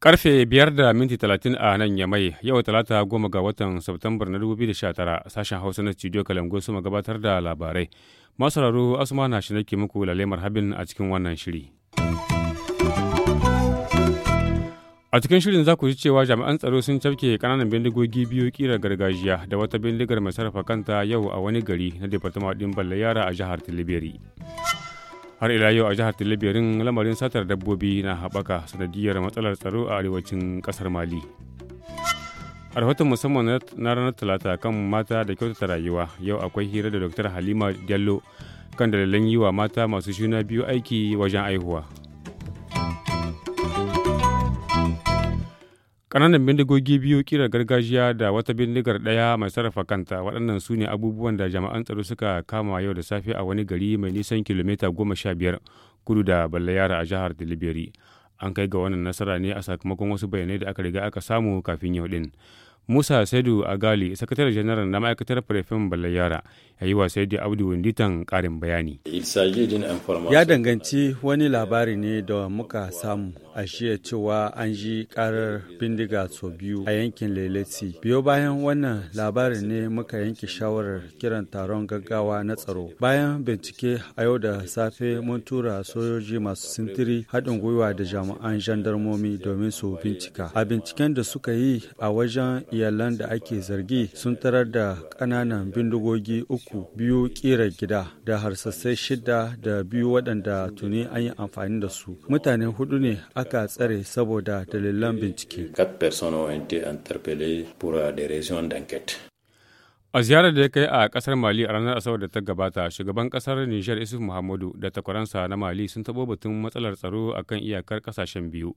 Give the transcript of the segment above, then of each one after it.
Karfe biyar da minti talatin a nan Yamai, yau talata goma ga watan Satumbar na 2019 sashen Hausa na studio Kalangu suma gabatar da labarai. Masu raro Asuma na shi nake muku lalemar habin a cikin wannan shiri. A cikin shirin za ku ji cewa jami'an tsaro sun cafke kananan bindigogi biyu kira gargajiya da wata bindigar mai sarrafa kanta yau a wani gari na Departement ɗin yara a jihar Tilibiri. Har ila yau a jihar Tilibirin lamarin satar dabbobi na haɓaka sanadiyar matsalar tsaro a arewacin kasar Mali. A rahoton musamman na ranar Talata kan mata da kyautata rayuwa yau akwai hira da Dr. Halima Diallo kan dalilan yi wa mata masu juna biyu aiki wajen aihuwa. Ƙananan bindigogi biyu kira gargajiya da wata bindigar ɗaya mai sarrafa kanta waɗannan su ne abubuwan da jami'an tsaro suka kama yau da safe a wani gari mai nisan kilomita goma sha biyar kudu da balayara a jihar Deliberi. An kai ga wannan nasara ne a sakamakon wasu bayanai da aka riga aka samu kafin yau ɗin. Musa Saidu Agali, sakataren janaral na ma'aikatar Firifin Balayara, ya yi wa Saidu Abdu Winditan karin bayani. Ya danganci wani labari ne da muka samu a shiya cewa an ji karar bindiga sau biyu a yankin Leleti. Biyo bayan wannan labarin ne muka yanke shawarar kiran taron gaggawa na tsaro. Bayan bincike a yau da safe mun tura sojoji masu sintiri haɗin gwiwa da jami'an jandarmomi domin su bincika. A binciken da suka yi a wajen iyalan da ake zargi sun tarar da ƙananan bindigogi uku biyu ƙira, gida da harsasai shida da biyu waɗanda tuni an yi amfani da su. Mutane hudu ne aka aka tsare saboda dalilan bincike. A ziyarar da ya kai a kasar Mali a ranar Asabar da ta gabata, shugaban kasar Nijar Isuf Muhammadu da takwaransa na Mali sun taɓo batun matsalar tsaro a kan iyakar kasashen biyu,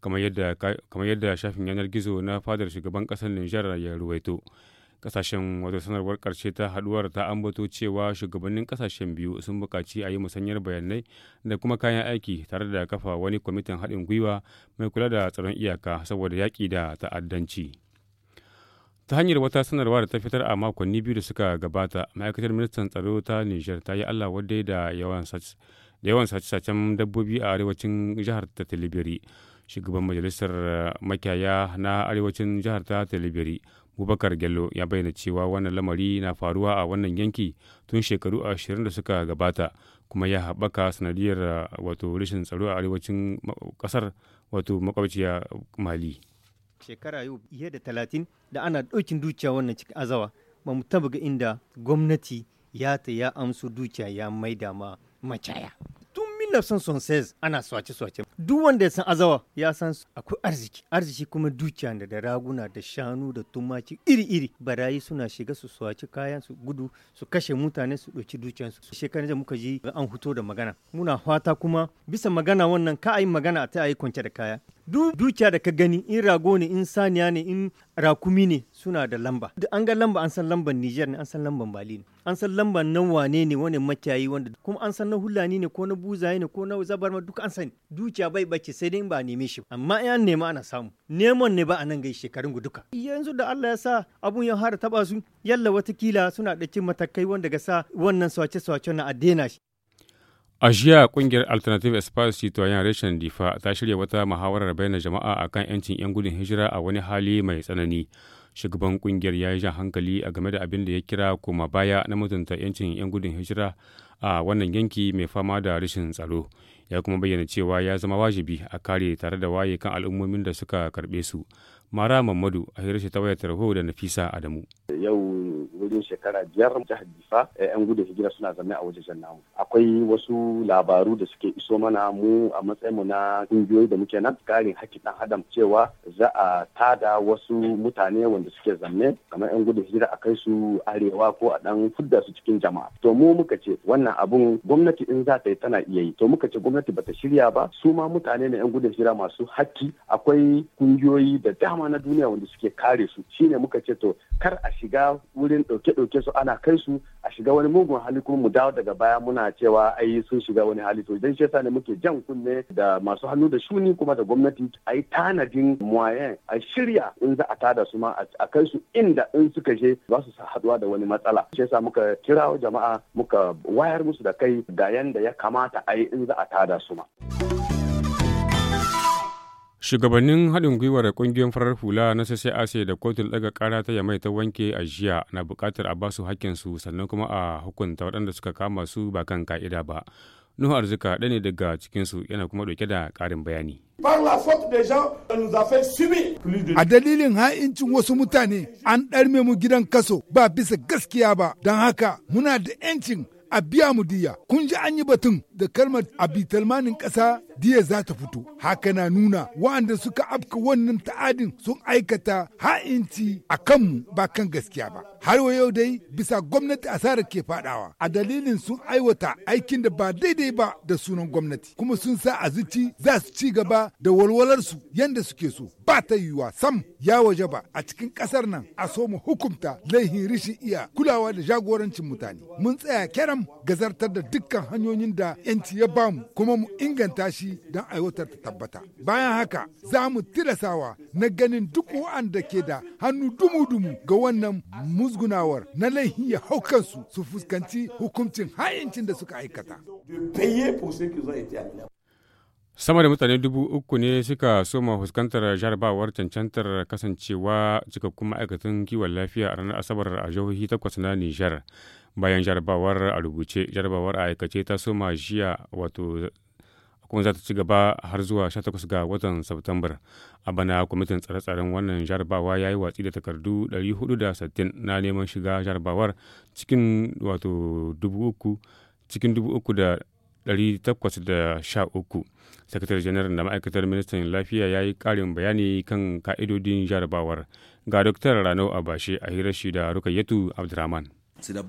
kamar yadda shafin yanar gizo na fadar shugaban kasar Nijar ya ruwaito. kasashen wato sanarwar karshe ta haduwar ta ambato cewa shugabannin kasashen biyu sun bukaci a yi musanyar bayanai da kuma kayan aiki tare da kafa wani kwamitin haɗin gwiwa mai kula da tsaron iyaka saboda yaƙi da ta'addanci ta hanyar wata sanarwa da ta fitar a makonni biyu da suka gabata ma'aikatar ministan tsaro ta niger ta yi allah wadai da yawan sace-sacen dabbobi a arewacin jihar ta talibiri shugaban majalisar makiyaya na arewacin jihar ta talibiri Bubakar Gello ya bayyana cewa wannan lamari na faruwa a wannan yanki tun shekaru ashirin da suka gabata kuma ya haɓaka sanadiyar uh, wato rashin tsaro a arewacin ƙasar wato makwabciya Mali. Shekara yau iya da talatin da ana ɗaukin dukiya wannan cikin azawa ba mu taba ga inda gwamnati ya ta ya amsu dukiya ya maida ma macaya. 1916 ana swace-swace duk wanda ya san azawa ya san akwai arziki arziki kuma dukiya da da raguna da shanu da tumaki iri-iri barayi suna shiga su swace kayan su gudu su kashe mutane su ɗauki su shekaran da muka ji an huto da magana muna fata kuma bisa magana wannan ka ayi magana a ta ayi kwance da kaya duk dukiya da ka gani in rago ne in saniya ne in rakumi ne suna da lamba duk an ga lamba an san lamban Niger ne an san lamban Mali ne an san lamban nan wane ne wani makiyayi wanda kuma an san na hulani ne ko na buzaye ne ko na zabarma duk an sani dukiya bai bace sai dai in ba neme shi amma in an nema ana samu neman ne ba a nan gai shekarun gu yanzu da Allah ya sa abun ya har taba su yalla watakila suna da matakai wanda ga sa wannan swace-swacen na a daina shi A jiya kungiyar Alternative Espace Citoyen Reshen Difa ta shirya wata muhawarar bayyana jama'a a kan 'yancin 'yan gudun hijira a wani hali mai tsanani. Shugaban kungiyar ya yi jan hankali a game da abin da ya kira koma baya na mutunta 'yancin 'yan gudun hijira a wannan yanki mai fama da rashin tsaro. Ya kuma bayyana cewa ya zama wajibi a kare tare da waye kan al'ummomin da suka karɓe su. Mara Mamadu a ta wayar tarho da Nafisa Adamu. Yau wurin shekara biyar jihar Jifa yan eh, gudun hijira suna zaune a wajen namu. Akwai wasu labaru da suke iso mana mu a matsayin mu na kungiyoyi da muke nan karin haƙƙin ɗan adam cewa za a tada wasu mutane wanda suke zanne kamar yan gudun hijira a kai su arewa ko a dan fudda su cikin jama'a. To mu muka ce wannan abun gwamnati in za ta yi tana iya yi. To muka ce gwamnati bata shirya ba su ma mutane ne yan gudun hijira masu haƙƙi akwai kungiyoyi da dama dama na duniya wanda suke kare su shine muka ce to kar a shiga wurin ɗauke-ɗauke su ana kai su a shiga wani mugun hali kuma mu dawo daga baya muna cewa ai sun shiga wani hali to idan shi ne muke jan kunne da masu hannu da shuni kuma da gwamnati ai tanadin moyen a shirya in za a tada su ma a kai su inda in suka je za su haduwa da wani matsala shi yasa muka kirawo jama'a muka wayar musu da kai da yanda ya kamata ai in za a tada su ma. shugabannin haɗin gwiwar ƙungiyoyin farar hula na ase da kotun ɗaga ƙara ta yamai ta wanke a jiya na buƙatar a ba su sannan kuma a hukunta waɗanda suka kama su ba kan ka'ida ba nuhu arzika ɗaya ne daga su yana kuma ɗauke da ƙarin bayani a A dalilin ha'incin wasu mutane an ɗarme mu gidan kaso ba bisa gaskiya ba, don haka muna da 'yancin a biya mu diya kun ji an yi batun da kalmar abitalmanin ƙasa diya za ta fito haka na nuna wa'anda suka afka wannan ta'adin sun aikata ha'inci a kanmu ba kan gaskiya ba har yau dai bisa gwamnati asarar ke fadawa a dalilin sun aiwata aikin da ba daidai ba da sunan gwamnati kuma sun sa a zuci za su ci gaba da walwalarsu yadda suke so ba ta yiwuwa sam ya waje ba a cikin kasar nan a so mu hukunta laihin rishin iya kulawa da jagorancin mutane mun tsaya kyaram gazartar da dukkan hanyoyin da yanci ya bamu kuma mu inganta shi don aiwatar ta tabbata bayan haka za mu tilasawa na ganin duk wa'anda ke da hannu dumu-dumu ga wannan muzu musgunawar na laihi ya hau kansu su fuskanci hukuncin ha'incin da suka aikata. sama da mutane dubu uku ne suka soma fuskantar jarabawar cancantar kasancewa cikakkun ma'aikatan kiwon lafiya a ranar asabar a jihohi takwas na nijar bayan jarabawar a rubuce jarabawar a aikace ta soma jiya wato kuma za ta ci gaba har zuwa 18 ga watan Satumbar. A bana kwamitin tsare-tsaren wannan jarabawa ya yi watsi da takardu 460 na neman shiga jarabawar cikin wato 3,000 cikin 3,813. Sakatar janar da ma'aikatar ministan lafiya ya yi karin bayani kan ka'idodin jarabawar. Ga Dr. Rano Abashe a hirar shi da Rukayyatu Abdurrahman. Da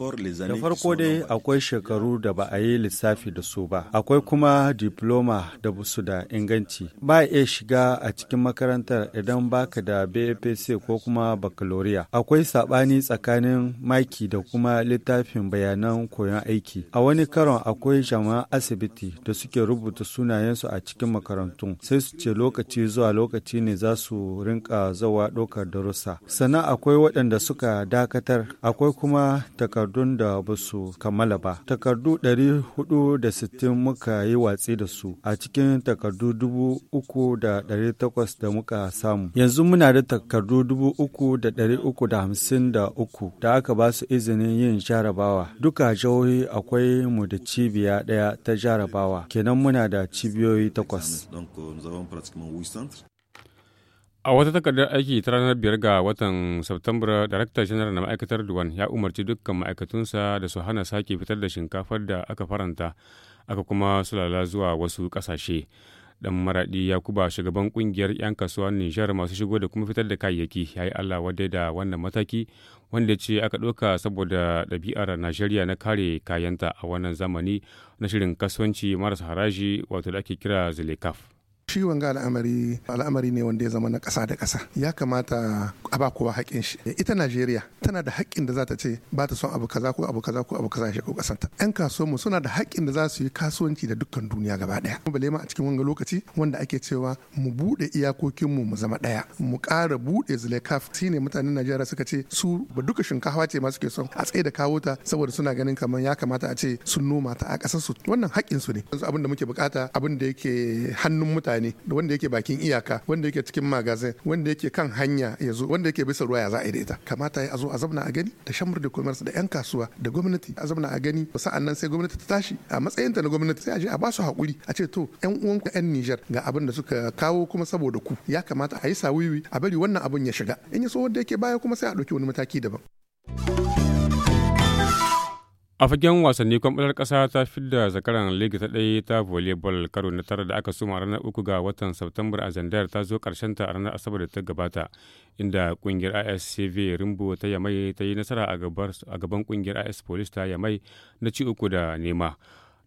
farko dai akwai shekaru da ba a yi lissafi da su ba, akwai kuma diploma da busu da inganci. Ba iya shiga a cikin makarantar idan baka da BAPC ko kuma baccalaureate. Akwai saɓani tsakanin maki da kuma littafin bayanan koyon aiki. A wani karon akwai jama'a asibiti da suke rubuta sunayensu a cikin makarantun, sai su ce lokaci zuwa lokaci ne za su rinka zawa ɗaukar darussa. Sannan akwai waɗanda suka dakatar, akwai kuma takardun da ba su kammala ba. Takardu 460 muka yi watsi da su a cikin takardu 3,800 da muka samu. Yanzu muna da takardu uku da aka ba su izinin yin jarabawa. Duka jihohi akwai mu da cibiya ɗaya ta jarabawa. Kenan muna da cibiyoyi takwas. A wata takardar aiki ta ranar biyar ga watan Satumbar, Darakta Janar na ma'aikatar Duwan ya umarci dukkan ma'aikatunsa da su hana sake fitar da shinkafar da aka faranta aka kuma sulala zuwa wasu kasashe. Dan maraɗi Yakuba shugaban ƙungiyar 'yan kasuwar Nijar masu shigo da kuma fitar da kayayyaki ya yi Allah wadda da wannan mataki wanda ce aka ɗauka saboda ɗabi'ar Najeriya na kare kayanta a wannan zamani na shirin kasuwanci marasa haraji wato da ake kira Zulekaf. shi wanga al'amari al'amari ne wanda ya zama na ƙasa da ƙasa ya kamata a ba kowa haƙƙin shi ita najeriya tana da haƙƙin da za ta ce ba ta son abu kaza ko abu kaza ko abu kaza shi ko ƙasanta yan kasuwanmu suna da haƙƙin da za su yi kasuwanci da dukkan duniya gaba ɗaya bale ma a cikin wanga lokaci wanda ake cewa mu buɗe iyakokinmu mu zama ɗaya mu ƙara buɗe zulekaf shine mutanen najeriya suka ce su ba duka shinkafa ce ma suke son a tsaye da kawo ta saboda suna ganin kamar ya kamata a ce sun noma ta a ƙasarsu wannan haƙƙinsu ne yanzu abin da muke bukata abin da yake hannun mutane ne wanda yake bakin iyaka wanda yake cikin magazin wanda yake kan hanya ya zo wanda yake bisa ruwa ya za a yi da ita kamata ya zo a zamna a gani da shamur da commerce da yan kasuwa da gwamnati a zamna a gani sa'an nan sai gwamnati ta tashi a matsayinta na gwamnati sai a je a ba su hakuri a ce to yan uwan ku yan Nijar ga abin da suka kawo kuma saboda ku ya kamata a yi sawiwi a bari wannan abin ya shiga in ya so wanda yake baya kuma sai a ɗauki wani mataki daban. A fagen wasanni, kwamfutar kasa ta fidda zakaran Liga ta ɗaya ta volleyball karo na tara da aka suma a ranar uku ga watan september a Zandar ta zo karshen ta a ranar Asabar da ta gabata, inda ƙungiyar ISCV Rimbo ta Yamai ta yi nasara a gaban ƙungiyar IS Police ta Yamai na ci uku da nema.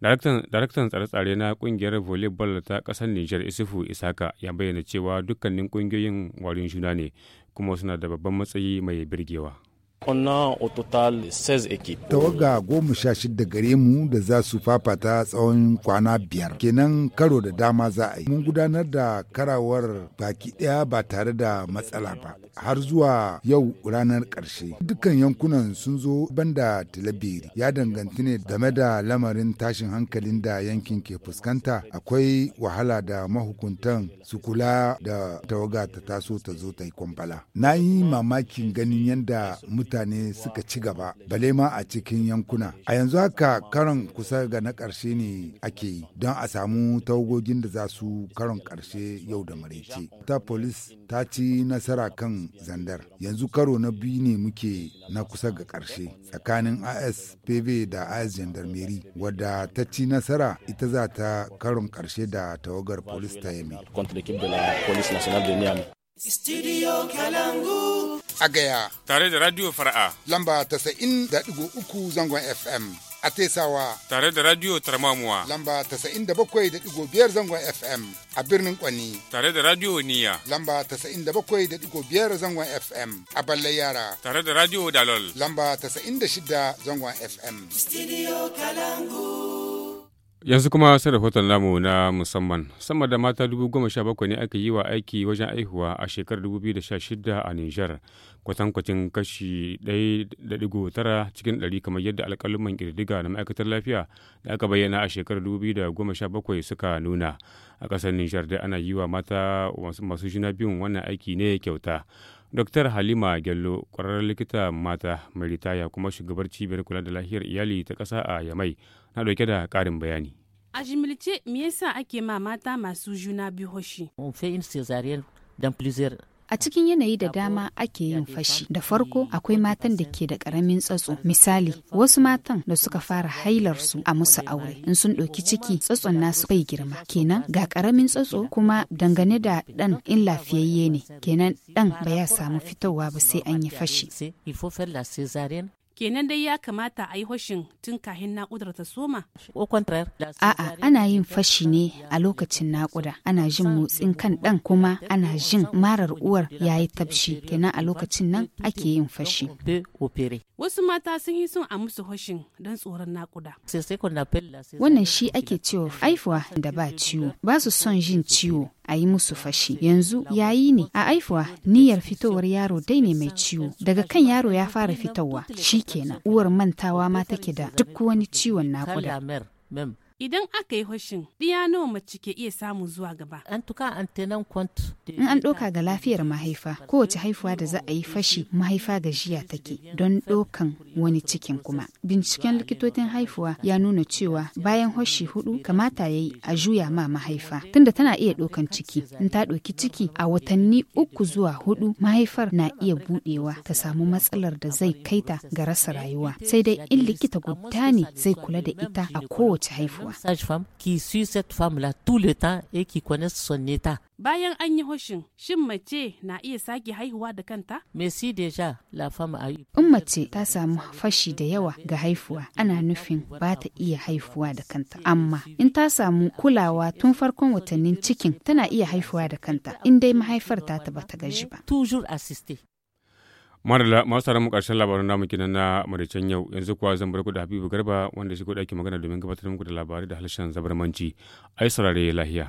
Daraktan tsare-tsare na ƙungiyar volleyball ta ƙasar niger Isufu Isaka ya bayyana cewa dukkanin kungiyoyin warin juna ne kuma suna da babban matsayi mai birgewa. Tawaga goma sha shida gare mu da za su fafata tsawon kwana biyar. Kenan karo da dama za a yi. Mun gudanar da karawar baki ɗaya ba tare da matsala ba. Har zuwa yau ranar ƙarshe. Dukkan yankunan sun zo banda Talabiri. Ya danganci ne game da lamarin tashin hankalin da yankin ke fuskanta. Akwai wahala da mahukuntan su kula da tawaga ta taso ta zo ta yi kwambala. Na yi mamakin ganin yadda mutum mutane suka ci gaba bale ma a cikin yankuna a yanzu haka karon kusa ga na ƙarshe ne ake yi don a samu tawagogin da za su karon ƙarshe yau da maraice ta polis ta ci nasara kan zandar yanzu karo na biyu ne muke na kusa ga ƙarshe tsakanin aspv da as gendarmerie wadda ta ci nasara ita za ta karon ƙarshe da tawagar polis ta yami Studio Kalangu. a gaya. Tare da Radio Fara'a. Lamba uku zangon FM. atesawa. Tare da Radio Tarmamuwa. Lamba biyar zangon FM. A birnin Kwani. Tare da Radio Niya. Lamba biyar zangon FM. A Balle Yara. Tare da Radio Dalol. Lamba shida zangon FM. Studio Kalangu. yanzu kuma sai rahoton namu na musamman sama da mata bakwai ne aka yi wa aiki wajen aihuwa a shekarar 2016 a nijar kwatankwacin kashi 1.9 cikin 100 kamar yadda alƙaluman kirdiga na ma'aikatar lafiya da aka bayyana a shekarar 2017 suka nuna a ƙasar nijar dai ana yi wa mata masu juna biyun wannan aiki ne kyauta Dr. Halima Gello, ƙwararren likita mata mai ritaya kuma shugabar cibiyar kula da lafiyar iyali ta ƙasa a Yamai, na ɗauke da ƙarin bayani. A jimilce, me yasa ake ma mata masu juna biyu hoshi? Mun fi une cesarean dan plusieurs A cikin yanayi da dama ake yin fashi. Da farko akwai matan da ke da karamin tsatso. Misali, wasu matan da suka fara hailarsu a musu aure. In sun ɗauki ciki, tsatson nasu bai girma. Kenan ga karamin tsatso kuma dangane da ɗan in lafiyayye ne. Kenan ɗan ba ya samu fitowa ba sai an yi fashi. kenan dai ya kamata a yi hoshin tun kahin naƙudar ta soma? A'a ana yin fashi ne a lokacin naƙuda ana jin motsin kan ɗan kuma ana jin marar uwar ya yi tafshi kenan a lokacin nan ake yin fashi. Wasu mata sun yi son a musu hoshin don tsoron naƙuda. Wannan shi ake cewa haifuwa da ba ciwo ba su son jin ciwo a yi musu fashi yanzu yayi ne a aifuwa niyyar fitowar yaro dai ne mai ciwo daga kan yaro ya fara fitowa Shi shikenan uwar mantawa ma take da duk wani ciwon naƙuda idan aka yi hoshin, ɗiya nawa mace ke iya samu zuwa gaba an tuka in an ɗoka ga lafiyar mahaifa kowace haifuwa da za a yi fashi mahaifa gajiya take don ɗokan wani cikin kuma binciken likitocin haifuwa ya nuna cewa bayan hoshi hudu kamata ya yi a juya ma mahaifa tunda tana iya ɗokan ciki in ta ɗauki ciki a watanni uku zuwa hudu mahaifar na iya buɗewa ta samu matsalar da zai kaita ga rasa rayuwa sai dai in likita guda ne zai kula da ita a kowace haifuwa cewa sage-femme qui suit cette femme là tout le temps et qui connaît son état bayan an yi hoshin shin mace na iya sake haihuwa da kanta me si deja la femme a in mace ta samu fashi da yawa ga haifuwa ana nufin ba ta iya haifuwa da kanta amma in ta samu kulawa tun farkon watannin cikin tana iya haifuwa da kanta in dai mahaifar ta ta bata gaji ba toujours assister. Madalla masu tare mu karshen labarin namu kenan na maraicen yau yanzu kuwa zan bar ku da Habibu Garba wanda shi ko ɗaki magana domin gabatar muku da labarai da harshen zabarmanci. Ai saurare lahiya.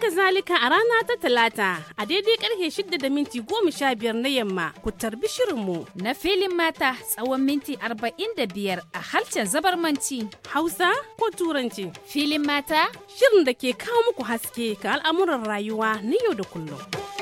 haka zalika a rana ta talata a daidai karfe shida da minti goma sha biyar na yamma ku tarbi shirinmu. Na filin mata tsawon minti arba'in da biyar a harshen zabarmanci. Hausa ko Turanci. Filin mata? Shirin da ke kawo muku haske ga al'amuran rayuwa na yau da kullum.